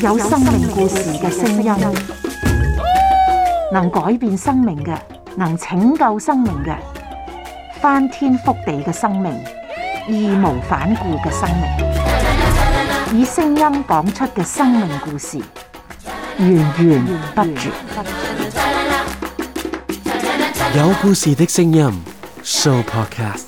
有生命故事嘅聲音，能改變生命嘅，能拯救生命嘅，翻天覆地嘅生命，義無反顧嘅生命，以聲音講出嘅生命故事，源源不絕。有故事嘅聲音，Show Podcast。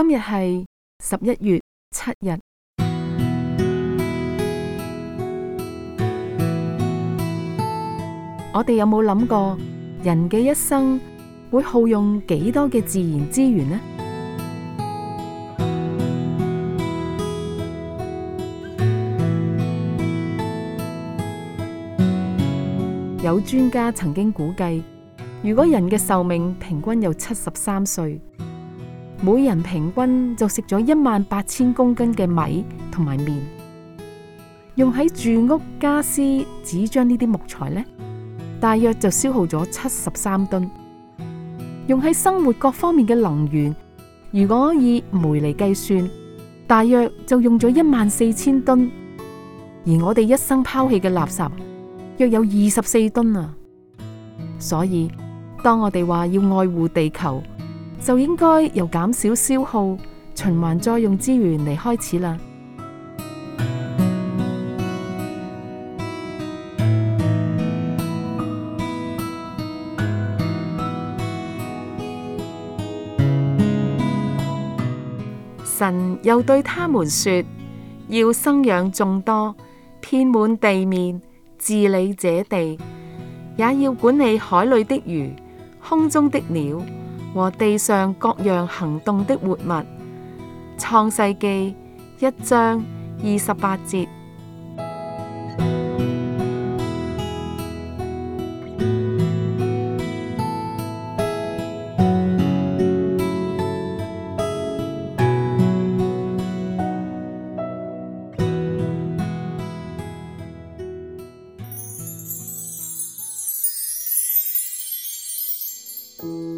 今日係十一月七日。我哋有冇諗過，人嘅一生會耗用幾多嘅自然資源呢？有專家曾經估計，如果人嘅壽命平均有七十三歲。每人平均就食咗一萬八千公斤嘅米同埋麵，用喺住屋、家私、紙張呢啲木材呢，大約就消耗咗七十三噸；用喺生活各方面嘅能源，如果以煤嚟計算，大約就用咗一萬四千噸。而我哋一生拋棄嘅垃圾，約有二十四噸啊！所以，當我哋話要愛護地球。就應該由減少消耗、循環再用資源嚟開始啦。 神又對他們說：要生養眾多，遍滿地面，治理這地，也要管理海裏的魚，空中的鳥。和地上各樣行動的活物，創世記一章二十八節。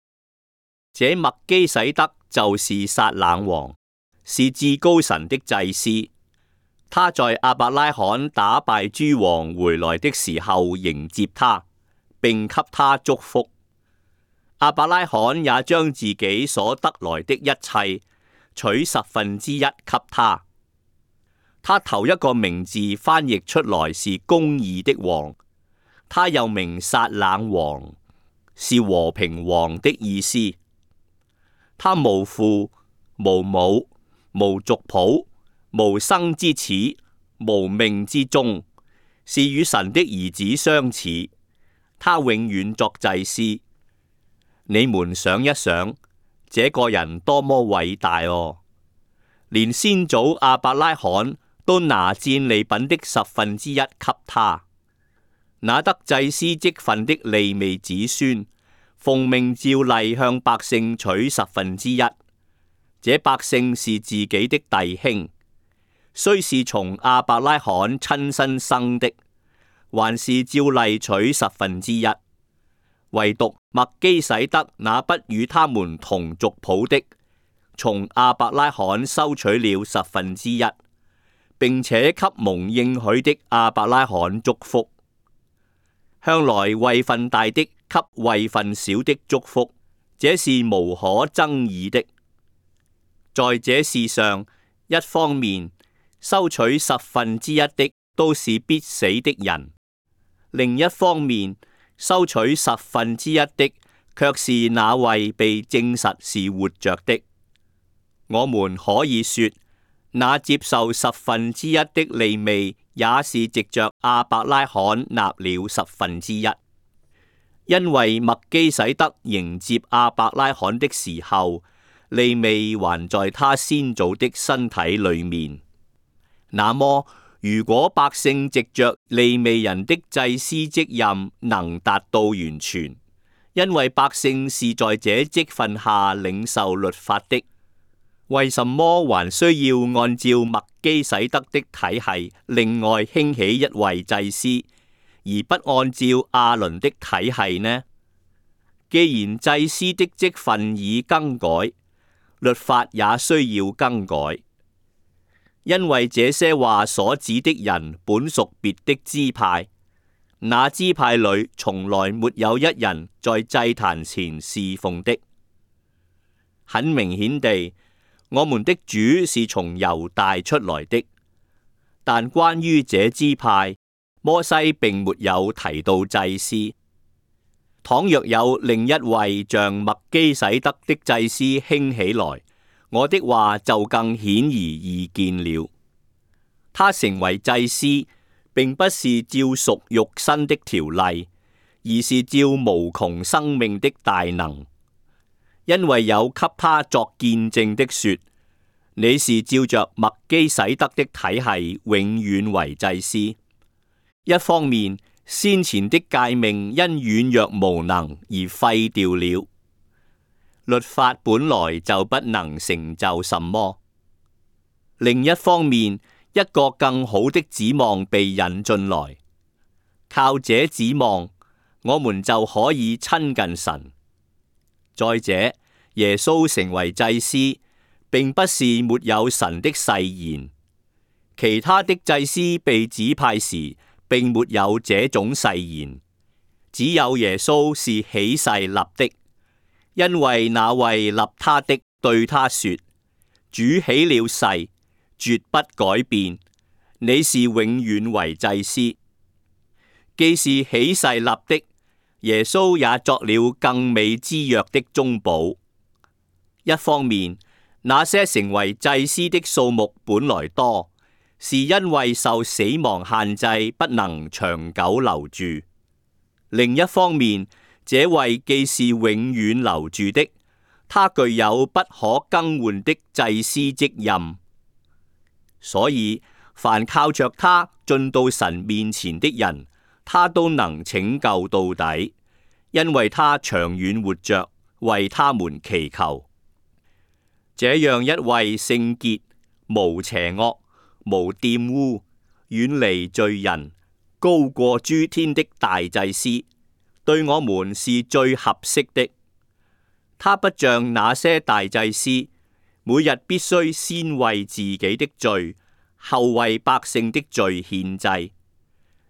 這麥基洗德就是撒冷王，是至高神的祭司。他在阿伯拉罕打敗諸王回來的時候迎接他，並給他祝福。阿伯拉罕也將自己所得來的一切取十分之一給他。他頭一個名字翻譯出來是公義的王，他又名撒冷王，是和平王的意思。他無父無母無族譜無生之始無命之終是與神的兒子相似。他永遠作祭司。你們想一想，這個人多麼偉大哦！連先祖亞伯拉罕都拿戰利品的十分之一給他，那得祭司職份的利未子孫。奉命照例向百姓取十分之一，這百姓是自己的弟兄，雖是從亞伯拉罕親身生的，還是照例取十分之一。唯獨麥基洗德那不與他們同族譜的，從亞伯拉罕收取了十分之一，並且給蒙應許的亞伯拉罕祝福，向來位份大的。給位份小的祝福，這是無可爭議的。在這事上，一方面收取十分之一的都是必死的人；另一方面收取十分之一的卻是那位被證實是活着的。我們可以說，那接受十分之一的利未，也是藉着亞伯拉罕納了十分之一。因為麥基洗德迎接亞伯拉罕的時候，利未還在他先祖的身體裏面。那麼，如果百姓藉着利未人的祭司職任能達到完全，因為百姓是在這職分下領受律法的，為什麼還需要按照麥基洗德的體系另外興起一位祭司？而不按照亞倫的體系呢？既然祭司的職份已更改，律法也需要更改，因為這些話所指的人本屬別的支派，那支派裏從來沒有一人在祭壇前侍奉的。很明顯地，我們的主是從猶大出來的，但關於這支派。摩西並沒有提到祭司。倘若有另一位像麥基洗德的祭司興起來，我的話就更顯而易見了。他成為祭司，並不是照屬肉身的條例，而是照無窮生命的大能。因為有給他作見證的說：你是照着麥基洗德的體系，永遠為祭司。一方面，先前的誡命因軟弱無能而廢掉了，律法本來就不能成就什麼；另一方面，一個更好的指望被引進來，靠這指望，我們就可以親近神。再者，耶穌成為祭司，並不是沒有神的誓言。其他的祭司被指派時。並沒有這種誓言，只有耶穌是起誓立的，因為那位立他的對他說：主起了誓，絕不改變，你是永遠為祭司。既是起誓立的，耶穌也作了更美之約的中保。一方面，那些成為祭司的數目本來多。是因為受死亡限制，不能長久留住；另一方面，這位既是永遠留住的，他具有不可更換的祭司職任，所以凡靠着他進到神面前的人，他都能拯救到底，因為他長遠活着，為他們祈求。這樣一位聖潔、無邪惡。無玷污、遠離罪人、高過諸天的大祭司，對我們是最合適的。他不像那些大祭司，每日必須先為自己的罪，後為百姓的罪獻祭，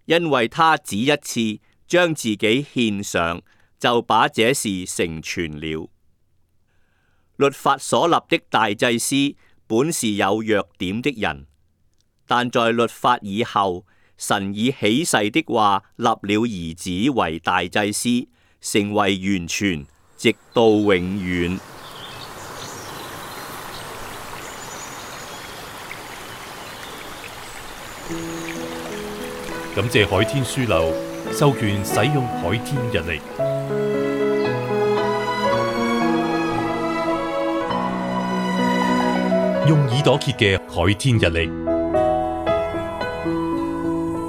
因為他只一次將自己獻上，就把這事成全了。律法所立的大祭司本是有弱點的人。但在律法以後，神以起誓的話立了兒子為大祭司，成為完全，直到永遠。感謝海天書樓授權使用海天日曆，用耳朵揭嘅海天日曆。